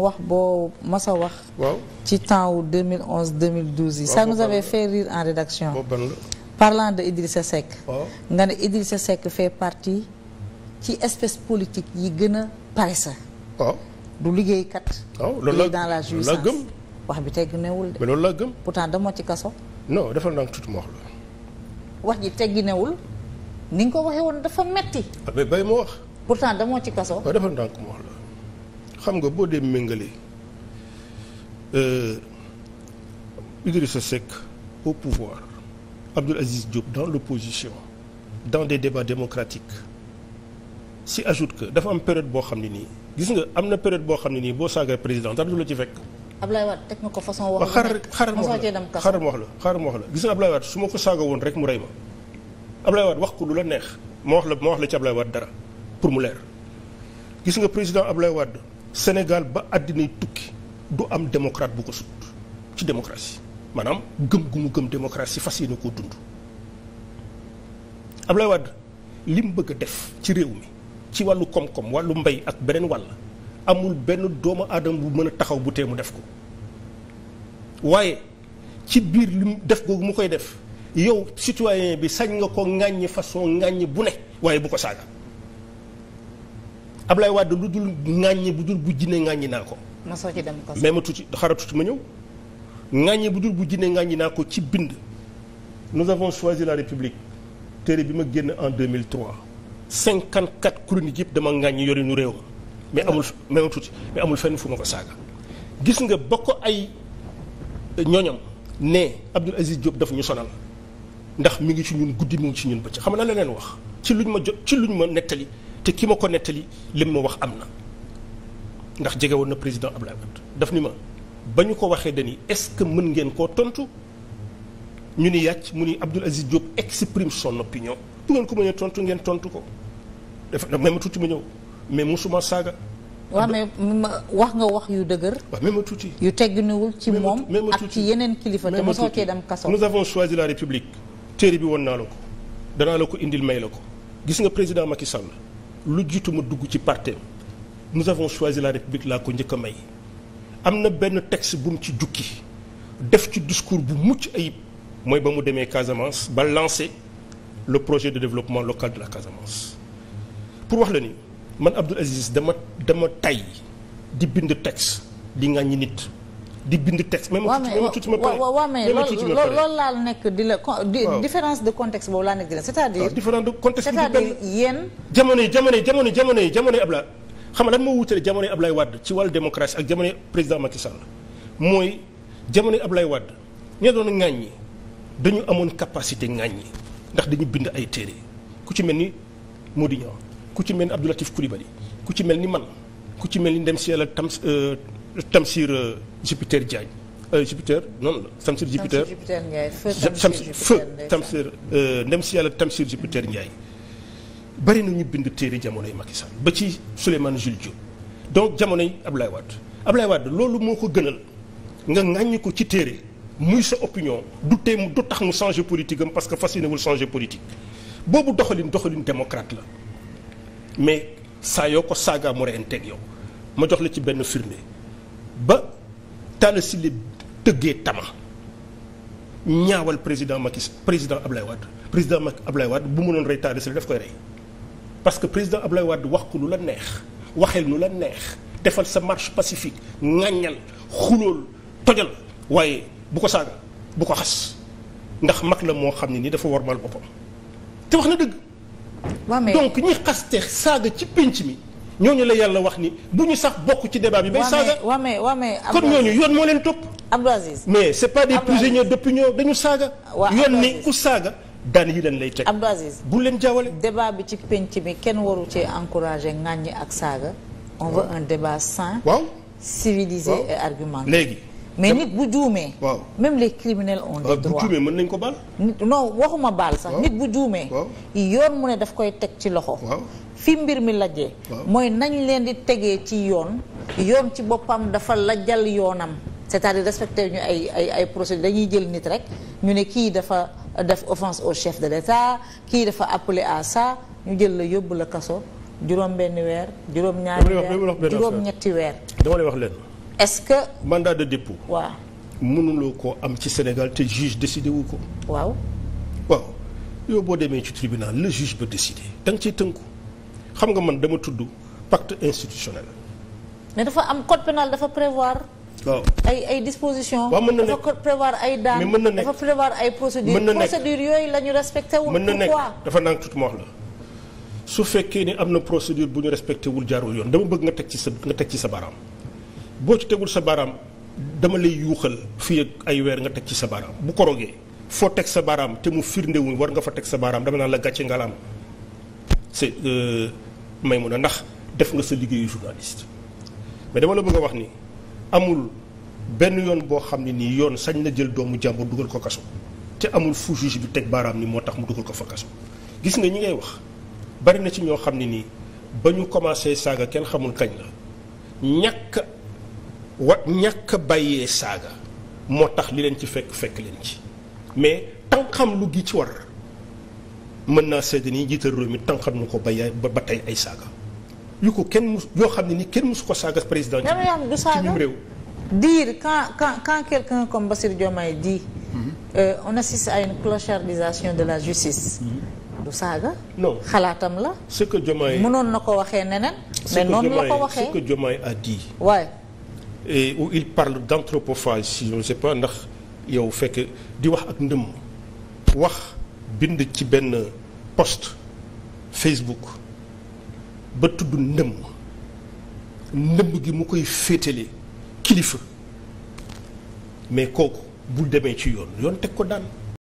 wax boo mas a wax. ci temps wu 2011 2012 yi. ça nous avait fait rire en rédaction. parlant de Idrissa Seck. nga ne Idrissa Seck fait ci espèce politique yi gën a paresse. sa du liggéey waaw loolu la dans la jouissance la gëm. wax bi tegginewul de. mais gëm. pourtant demoo ci kaso. non dafa ndànk tuuti ma wax la. wax ji tegginewul ni nga ko waxee woon dafa metti. ah mais bay ma pourtant demoo ci kaso. waaw dafa ndànk ma wax la. xam nga boo dee méngale euh, Idrissa Seck au pouvoir Abdoul Aziz Diop dans l'opposition dans de débats démocratiques si ajoute que dafa am période boo xam ne nii gis nga am na période boo xam ne nii boo saaga président dara du la ci fekk. Ablaye Wade teg na ko façon. wax la xaaral xaaral wax la xaaral ma wax la xaaral ma wax gis nga Ablaye Wade su ma ko saaga woon rek mu rey ma Ablaye Wade wax ko lu la neex ma wax la ma wax la ci lay Wade dara pour mu leer gis nga président Ablaye Wade. Sénégal ba àddina tukki du am démocrate bu ko sut ci démocratie maanaam gëm gu mu gëm démocratie fas yéene koo dund. Ablaye Wade li mu bëgg a def ci réew mi ci wàllu koom-koom wàllu mbay ak beneen wàll amul benn doomu aadama bu mën a taxaw bu tee mu def ko waaye ci biir lim def googu mu koy def yow citoyen bi sañ nga ko ŋàññi façon ŋàññi bu ne waaye bu ko saaga. Ablaye Wade lu dul ŋàññi bu dul bu jinne ŋàññi naa ko. mosoo ci dem ko mais ma tuuti xaaral tuuti ma ñëw. ŋàññi bu dul bu jinne ŋàññi naa ko ci bind. nous avons choisi la république. téere bi ma génn en 2003. 54 chroniques yëpp dama ŋàññi yorinu réew ma. mais amul mais ma tuuti mais amul fenn fu ma ko saaga. gis nga ba ko ay ñooñam ne Abdoul Aziz Diop daf ñu sonal. ndax mi ngi ci ñun guddi mi ngi ci ñun bëccëg xam na la leen wax. ci lu luñ ma jot ci lu ñu ma nettali. te ki ma ko nettali lim ma wax am na ndax jege woon na président Abdoulaye Wade daf ni ma ba ñu ko waxee dañi est-ce que mën ngeen koo tontu ñu ni yàcc mu ni Abdoul Aziz Diop exprime son opinion bu ngeen ko mënee tontu ngeen tontu ko dafa may ma tuuti ma ñëw mais musuma saaga. waaw ma wax nga wax yu dëgër. waaw même tuuti. yu tegginuwul ci moom ak ci yeneen kilifa te mosoo cee dem kaso. nous avons choisi la république. téere bi woon naa la ko danaa la ko indil may la ko gis nga président Macky Sall. lu jiituma dugg ci parti nous avons choisi la république laa ko njëkk a may am na benn texte bu ci jukki def ci discours bu mucc ayib mooy ba mu demee Casamance ba lancer le projet de développement local de la Casamance pour wax la ni man Abdoul Aziz dama dama tay di bind texte di ŋàññi nit di bind texte. même tuuti ma pare waaw mais loolu loolu laa nekk di la différence de contexte boobu laa nekk di la c'est-à-dire. Ah, différence de contexte c'est-à-dire yéen. jamono yi jamono yi jamono yi jamono yi jamono yi Ablaye xam nga lan moo wutale jamono yi Ablaye Wade ci wàllu démocratie ak jamono président Macky Sall mooy jamono yi Ablaye Wade ñoo doon ŋàññi dañu amoon capacité ŋàññi ndax dañu bind ay téere ku ci mel ni Mody Niang ku ci mel ni Abdou Latif Coulibaly ku ci mel ni man ku ci mel ni ndem si yàlla tam euh, Euh, euh, Tamsir Jupiter Diagne Jupiter noonu la Tamsir Jupiter feu Tamsir euh, ndem si yàlla Tamsir Jupiter Ndiaye bari na ñu bind téere jamonoy Macky Sall ba ci Souleymane Jules Diop donc jamonoy Ablaye Wade Ablaye Wade loolu moo ko gënal nga ŋàññi ko ci téere muy sa opinion du tee du tax mu changer politique am parce que fas yéenewul changer politique boobu doxalin doxalin démocrate la mais saa yoo ko saaga mu reenteeg yow ma jox la ci benn firnde ba Talla Sylla tëggee tama ñaawal président Macky président Ablaye waat président Macky Ablaye waat bu mënoon rey Talla Sylla daf koy rey parce que président Ablaye Wade wax ko lu la neex waxeel nu la neex defal sa marche pacifique ŋàññal xulool tojal waaye bu ko saaga bu ko xas ndax mag la moo xam ne ni dafa war warmal boppam te wax na dëgg. donc ñi xaste saaga ci pénc mi. ñooñu la yàlla wax ni bu ñu sax bokk ci débat bi. bay saaga waaw mais waaw mais kon ñooñu yoon moo leen topp. Abdou Aziz mais c'est pas des prisonniers d'opinion dañu saaga. yoon ni ku saaga. daan yi leen lay teg Abdou Aziz bu leen jaawale. débat bi ci penc bi kenn waru cee encourager ŋàññi ak saaga. on veut un débat sain. waaw civilisé et argumenté. léegi mais nit bu juumee. waaw même les criminels ont ah, des droits. bu juumee mën nañ ko baal. non waxuma baal sax. nit bu juumee. yoon mu daf koy teg ci loxo. fi mbir mi lajjee mooy nañ leen di tegee ci yoon yoon ci boppam dafa lajjal yoonam c'est-à-dire respecter ñu ay ay ay procédures dañuy jël nit rek ñu ne kii dafa def offense au chef de l'État kii dafa appelé à ça ñu jël la yóbbu la kaso juróom benn weer juróom ñaari weer juróom ñetti weer dama lay wax leen est-ce que mandat de dépôt waa mënuloo ko am ci Sénégal te juge décidé wu ko waaw waaw yow boo demee ci tribunal le juge ba décidé da nga xam nga man dama tudd pacte institutionnel. mais dafa am code pénal dafa prévoir. waaw ay ay dispositions. waaw mën na nekk dafa prévoir ay daan. mais mën na nekk dafa ay procédures. mën na nekk procédures yooyu la ñu respecté mën na nekk dafa naan tuuti ma wax la. su fekkee ni am na procédure bu ñu respecté wul jaarul yoon dama bëgg nga teg ci sa nga teg ci sa baaraam boo ci tegul sa baaraam dama lay yuuxal fii ak ay weer nga teg ci sa baaraam bu korogee foo teg sa baaraam te mu firndewuñ war nga fa teg sa baaraam dama naan la gàcce ngalaam c'est euh, may mun a ndax def nga sa liggéeyu journaliste mais dama la bëgg a wax ni amul benn yoon boo xam ne nii yoon sañ na jël doomu jàmbur dugal ko kaso te amul fu juge bi teg baaraam ni moo tax mu dugal ko fa kaso gis nga ñi ngay wax bari na ci ñoo xam ne nii ba ñu commencé saaga kenn xamul kañ la ñàkk wa ñàkk bàyyee saaga moo tax li leen ci fekk fekk leen ci mais tan lu gi ci war mën naa seede ni jiital réew mi tànqat nu ko ba yaay ba tay ay saaga yu ko kenn mus yoo xam ne ni kenn musu ko saaga président ci mim réew dire quand quand quand quelqu'un comme Bassirou Diomaye dit mm-hmm. euh, on assiste à une clochardisation de la justice mm-hmm. du saaga no xalaatam la ce que Diomaye mënoon na ko waxee neneen mais noonu la ko waxee ce a dit waaye ouais. où il parle d'anthropophage si je ne sais pas ndax yow fekk di wax ak ndëm wax bind ci benn post Facebook ba tudd ndëmm ndëmb gi mu koy féetale kilifa mais kooku bul demee ci yoon yoon teg ko daan